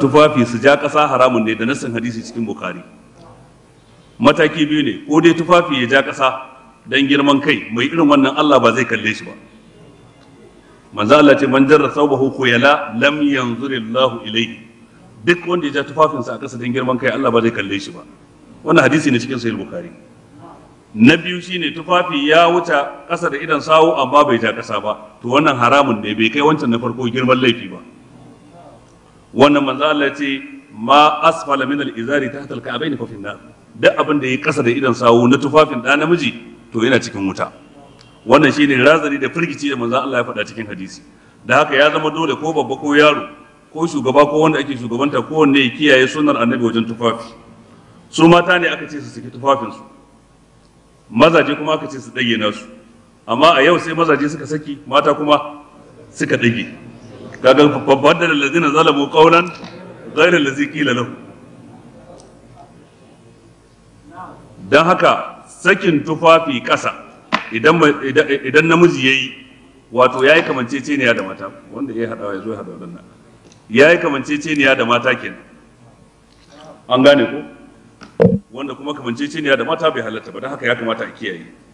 tufafi su ja ƙasa haramun ne da nassan hadisi cikin bukari mataki biyu ne ko dai tufafi ya ja ƙasa don girman kai mai irin wannan Allah ba zai kalle shi ba manzo Allah ce man jarra thawbahu khuyala lam allah ilayhi duk wanda ya ja tufafinsa a ƙasa don girman kai Allah ba zai kalle shi ba wannan hadisi ne cikin sahih bukari na biyu shine tufafi ya wuce ƙasa da idan sawu amma bai ja ƙasa ba to wannan haramun ne bai kai wancan na farko girman laifi ba wannan manzo Allah ce ma asfala min al-izari tahta al-ka'bayn fa finnar duk abin da ya kasa da idan sawu na tufafin da namiji to yana cikin wuta wannan shine razari da firgici da manzo Allah ya faɗa cikin hadisi da haka ya zama dole ko babba ko yaro ko shugaba ko wanda ake shugabanta ko wanne ya kiyaye sunnar annabi wajen tufafi su mata ne aka ce su saki tufafinsu mazaje kuma aka ce su dage nasu amma a yau sai mazaje suka saki mata kuma suka dage kaga fabbadal allazina zalamu qawlan ghayra allazi kila lahum don haka sakin tufafi kasa idan namiji ya yi wato ne ya da mata wanda haɗawa ya zo ya yi wannan ne ya da mata kenan an gane ko wanda kuma ya da mata bai halatta ba don haka ya kamata a kiyaye